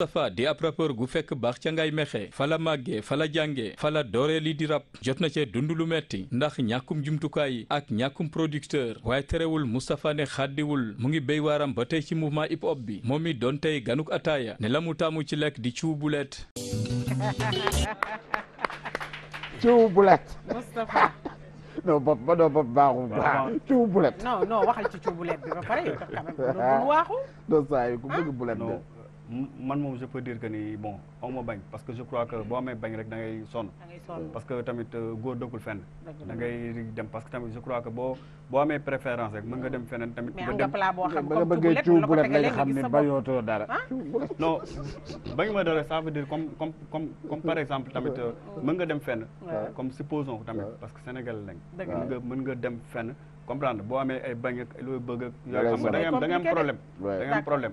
Moustapha di ab rappeur gu fekk baax ca ngay mexe fala màggee fala jànge fala dooree lii di rap jot na cee dund lu metti ndax ñàkkum jumtukaay yi ak ñàkkum producteur waaye terewul Moustapha ne xàddiwul mu ngi béy waaram ba tey ci mu ma hop bi moom mi doon tey ganuk ataaya ne la mu taamu ci lekk di ciw bulet ciw bulet Moustapha non ci bulet man moom je peux dire que ni bon aw ma bañ parce que je crois que boo amee bañ rek da ngay sonn parce que tamit euh, góor dëkkul fenn da ngay dem parce que tamit je crois que boo boo amee préférence rek mën nga dem feneen tamit ba nga bëggee ciw bulet lay xam ne bañootoo dara ah? non bañ ma dara ça veut dire comme comme comme comme par exemple tamit euh, mën nga dem fenn comme supposons tamit parce que Sénégal lañ mën nga mën nga dem fenn comprendre boo amee ay bañ ak looy bëgg ak yooyu xam nga da ngay am problème da ngay am problème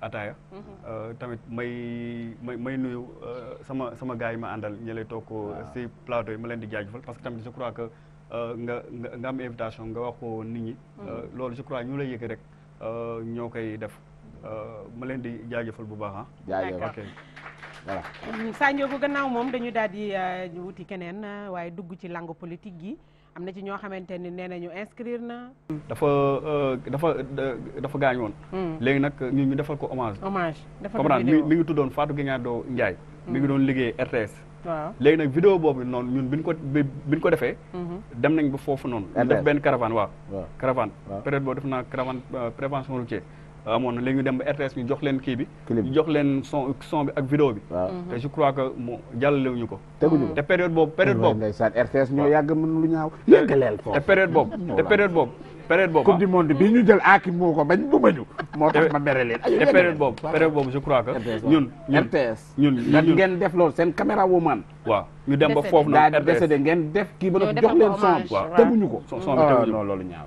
ataaya. Euh, tamit may may may nuyu euh, sama sama gars yi ma àndal ñi lay toog euh, si plateau yi ma leen di jaajëfal parce que tamit je crois que nga nga invitation nga wax ko nit ñi. Mm-hmm. loolu je crois ñu lay yëg rek ñoo koy def ma leen di jaajëfal bu baax a ah. jaajëfal voilà. Sandiogou gannaaw moom dañu daal di wuti keneen waaye dugg ci langue politique gi. am na ci ñoo xamante ni nee ñu inscrire na. dafa euh, dafa euh, dafa gaañ woon. Hmm. léegi nag ñu ñu defal ko hommage. hommage defal ko vidéo mi ngi tuddoon Fatou Guignado Ndiaye. Hmm. mi ngi doon liggéey RTS. waaw léegi nag vidéo boobu noonu ñun bi ñu ko bi ñu ko defee. Hmm. dem nañ ba foofu noonu. ñu def benn caravane waaw. caravane période boobu def naa caravane euh, prévention routière. amoon na léegi dem ba RTS ñu jox leen kii bi. ñu jox leen son son bi ak vidéo bi. te je crois que mu jàllale wu ñu ko. teguñu ko te période boobu période boobu. RTS ñoo yàgg mën lu ñaaw yëkkaleel boobu te période boobu. période boobu coupe du monde bi ñu jël aaki moo ko bañ bu bañu moo tax ma mere leen te période boobu période boobu je crois que ñun RTS ñun ñun ngeen def loolu seen caméra woman waaw ñu dem ba foofu noonu RTS ngeen def kii ba nag jox leen son bi teguñu ko son bi oh, teguñu ko loolu ñaaw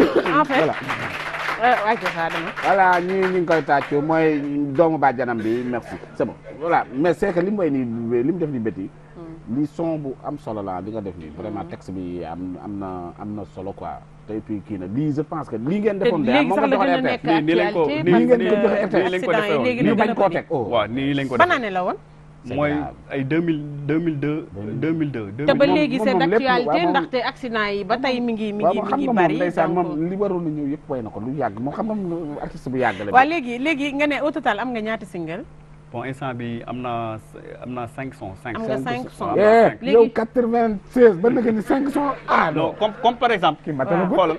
en ah, fait voilà. voilà ñu ñu ngi koy tàccu mooy doomu bàjjanam bi merci c'est bon voilà mais c'est que li mu way nii li mu def ni béti hmm. li son bu am solo la li nga def nii vraiment hmm. texte bi am am na am na solo quoi te puis kii na lii je pense que lii ngeen defoon de moom la joxe RTS nii ngeen ko joxe RTS nii lañ ko defee woon nii bañ koo teg lañ ko defee oh. ban la woon mooy ay deux mille deux mille deux deux mille deux te ba léegi c'est d'actualité ndaxte yi ba tey mi ngi mi ngi mi ngi bari ndeysaan moom li waroon na ñëw ko lu yàgg moom xam nga moom artiste bu yàgg la waaw léegi nga ne oto total am nga ñaata single bon instant bi am na am naa cinq cent cinq am cinq cent eh, léegi yow quatre-vingt-seize ba nga cinq cent ah non comme par exemple kii ma xoolal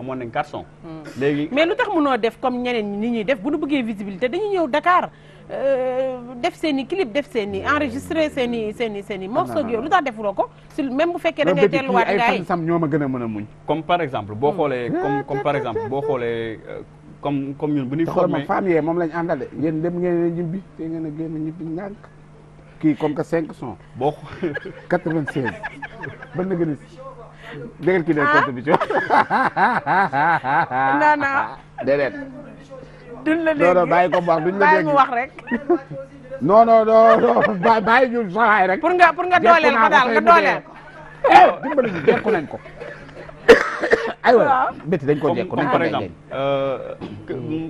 amone un un mais lutax tax def comme ñeneen ñi ñi def bu ñu bëggee visibilité dañuy ñëw Dakar euh, def seeni clip def seeni hmm. enregistrer seeni seeni seeni morceau lutax même bu da ngay comme par exemple comme comme par exemple comme xolé euh, comme comme ñun bu Comme formé famille. mom lañ dem ñibbi comme que 96 dégg ki def contribution. non non. déedéet. na la dégg non non bàyyi ko la dégg bàyyi mu wax rek. ñu saxaay rek. pour nga pour nga dooleel ko daal nga dooleel ko. ko. aywa bétti dañ ko dee ko comme par exemple euh, hmm.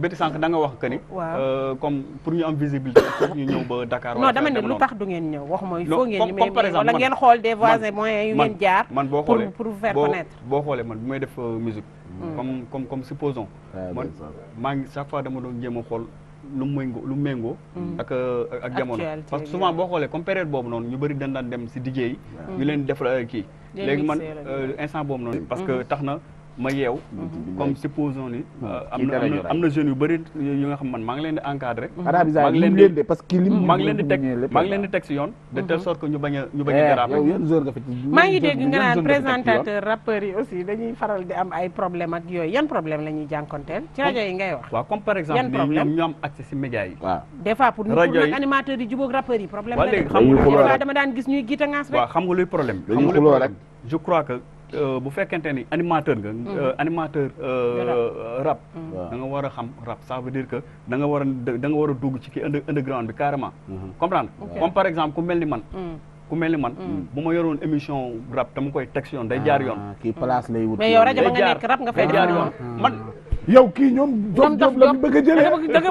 bétti sànq da nga wax que ni euh, comme pour ñu am visibilité foog ñu ñëw ba Dakar non dama ne lu tax du ngeen ñëw wax mooy foo ngeen ñu wala ngeen xool des voisins moyens yu ngeen jaar man boo xoolee pour faire connaître boo xoolee man bu may def euh, musique hmm. comme comme comme supposons man maa ngi chaque fois dama doon jéem a xool lu mengo lu mengo hmm. ak ak jamono parce que souvent bo xolé comme période bobu non ñu bari dañ dan dem ci DJ yi ñu leen def euh, ki légui man euh, instant bobu non parce que mm-hmm. taxna ma yeew mhm. comme supposons ni mhm. euh, am am na jeunes yu bëri yu nga xam man maa leen di encadré mhm. maa leen di parce que lim leen di teg yoon de telle sorte que a ñu bañ a eh, déraper présentateur rappeurs aussi dañuy faral di am ay problème ak yooyu yan problème la ñuy jànkonteel ci rajo yi ngay wax comme par exemple ni am accès si média yi waaw des fois nag animateurs yi jubóog rappeurs yi problème la dama daan gis ñuy giita ngaas rek xam nga luy problème je crois que Euh, bu fekkente ni animateur nga. Mm-hmm. Euh, animateur euh, rab mm-hmm. da nga war a xam rap ça veut dire que da nga war a da nga war a dugg ci ki underground bi carrément. Mm-hmm. comprendre comme par exemple ku mel ni man. Mm. ku mel ni man mm. bu ma yoroon émission rap dama koy teg si yoon day jaar ah, yoon. kii place lay wut. mais yow rajo ba nga nekk rap nga fay jaar man. yow kii ñoom. ñoom daf la bëgg a bëgg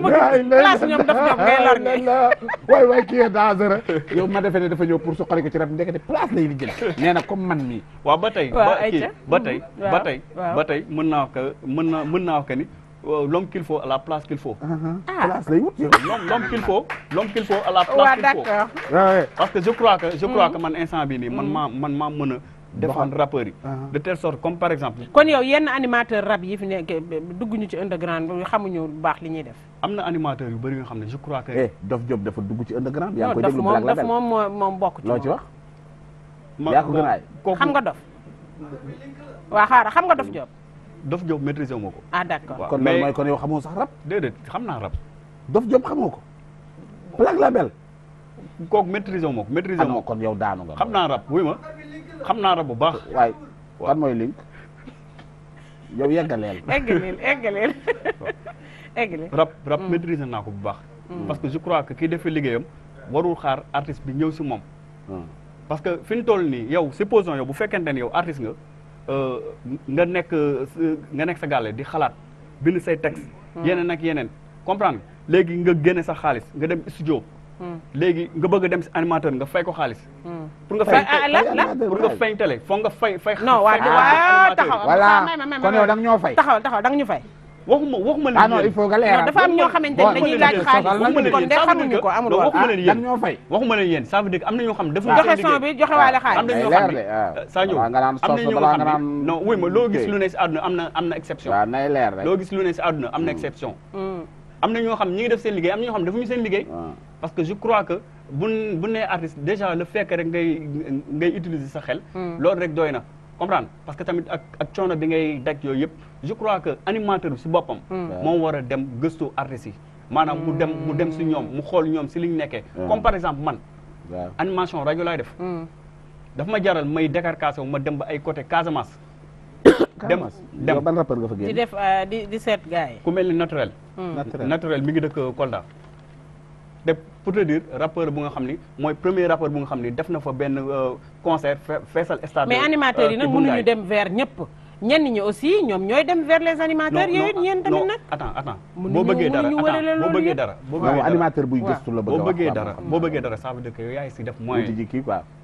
place ñoom daf ñoom ngay lar waay waay kii yee dangereux yow ma defee ne dafa ñëw pour suqali ko ci rab ndekete place lay jël nee na comme man mii. waaw ba tey ba kii ba tey mm-hmm. ba tey ba tey mën naa ko mën naa mën naa ko ni euh, l'homme qu'il faut a la place qu'il faut. Uh-huh. Ah. place lay wut l'homme qu'il faut l'homme qu'il faut à la place qu'il faut. parce que je crois mm-hmm. man instant bii nii man mm-hmm. maa man maa mën a défendre rappeurs yi. Ah. de telle comme par exemple. kon yow yenn yi fi nekk dugg ñu ci underground xamuñu bu baax li ñuy def. am na animateur yu bëri yoo xam ne je crois que. eh Dof Diop dafa dugg ci underground. yaa ngi koy déglu Black Label Dof moom moom moom bokk ci loo ci yaa ko gën ay xam nga Dof. waa xam nga Dof Diop. Dof Diop maîtriser wu ma ko. ah d'accord kon loolu mooy kon yow xamoo xam naa rap. Dof Diop xamoo ko. Black Label. kooku maîtriser wu ma ko maîtriser wu ma kon yow daanu nga. xam naa rap wuy ma. xam naa la bu baax. waaye kan mooy link. yow yeggaleel. eggaleel eggaleel eggaleel. rap rap mm. maîtriser naa ko bu baax. Mm. parce que je crois que kii defee liggéeyam warul xaar artiste bi ñëw si moom. Mm. parce que fi ñu toll nii yow supposons yow bu fekkente ni yow artiste nga euh, nga nekk euh, nga nekk sa gàlle di xalaat bind say texte. yeneen ak yeneen comprendre léegi nga génne sa xaalis nga dem studio. léegi nga bëgg a dem si animateur nga fay ko xaalis. Hmm. pour nga fay ah, ah, pour nga fay nga fay fay. non waaw taxaw ah, a kon yow da nga ñoo fay. taxaw taxaw da nga ñu fay. waxuma waxuma leen ah non il faut ñoo xamante ne dañuy laaj xaalis kon de ko amul waxuma leen yéen ñoo fay waxuma leen yéen ça na ñoo xam ne saa ñëw am na ñoo xam ne non wuy ma loo gis lu ne si àdduna am na am hmm. na exception loo gis si àdduna am na exception amna ñoo xam ñi ngi def seen liggéey amna ñoo xam parce que je crois que bu artiste déjà le fait rek utiliser sa xel. Hmm. loolu rek parce que tamit ak ak je crois que animateur si hmm. dem mu dem mu dem si comme par exemple man. animation rajo laay def. Hmm. daf ma jaral may ma dem ba ay côté Casamance. dem dem yow ban rappeur nga fa génn di def euh, di di ku mel ni naturel. Hmm. naturel naturel mi ngi dëkk Kolda. te pour te dire rappeur bu nga xam ni mooy premier rappeur bu nga xam ni def na fa benn euh, concert feesal stade. mais euh, animateurs yi nag mënuñu dem vers ñëpp. ñenn ñi aussi ñoom ñooy dem vers les animateurs. yooyu ñeen tamit nag attends attends boo bëggee dara boo bëggee dara. boo bëggee dara a wax boo yaay si def moyen. kii quoi.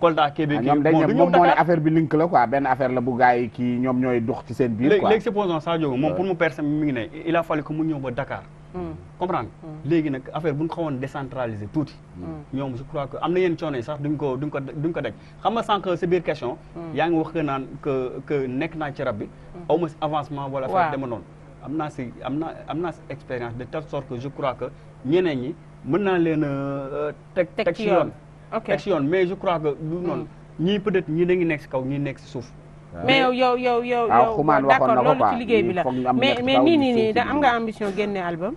Kolda Kébé ah, ñoom dañ ne moom affaire bi link la quoi ben affaire la bu gaay yi kii ñoom ñooy dox ci sen biir quoi léegi supposons Sadio mom pour mu percer mi ngi ne il a fallu que mu ñëw ba Dakar hmm. comprendre hmm. léegi nak affaire buñ ko xawoon décentraliser tuuti hmm. ñom je crois que amna yeen yenn sax duñ ko duñ ko duñ ko daj xam nga sànq sa biir question ya ngi wax que naan que que nek na ci rabbi bi aw ma avancement wala affaire dema non amna ci amna amna naa expérience de telle sorte que je crois que ñeneñ ñi mën na leen tek euh, euh, tek ci yoon ok ex mais je crois que du noonu. Mm-hmm. ñii peut-être ñii dañuy nekk si kaw ñii nekk si suuf. mais yow yow yow yow. Ah, d'accord loolu ci liggéey bi la mais mais nii nii nii da am nga ambition génne album.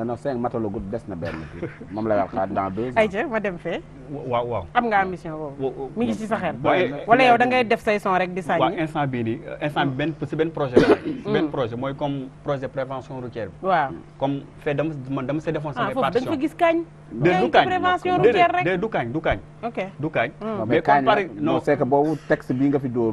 Ah non cinq matalagut des na benn kii moom la yàlla xaar dans deux ans. ayca ma dem fee. waaw waaw am nga ambition boobu. mi ngi ci sa xel. wala da ngay def say son rek di sànni. waaw instant bii nii instant bi benn si benn projet la. Mm. si benn projet mooy comme projet prévention routière bi. waaw comme fee dama man dama see defoon. ah foofu da nga fa gis kañ. déedéet du kañ prévention routière rek déedéet du kañ du kañ. ok du kañ. mais boobu texte bii nga fi door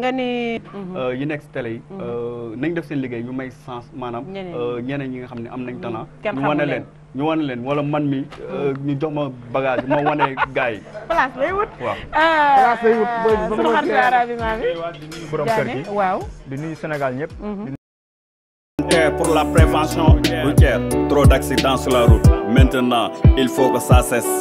nga ni. yi nekk si télé yi. nañ def seen liggéey ñu may sens maanaam. ñeneen ñi nga xam ne am nañ talent. ñu wane leen ñu wane leen wala man mi ñu jox ma bagage ma wane gars yi. place lay wut. waaw place lay wut. boobu ba di nuyu borom kër gi waaw. di nuyu Sénégal ñëpp. pour la prévention routière trop d'accidents sur la route maintenant il faut que ça cesse.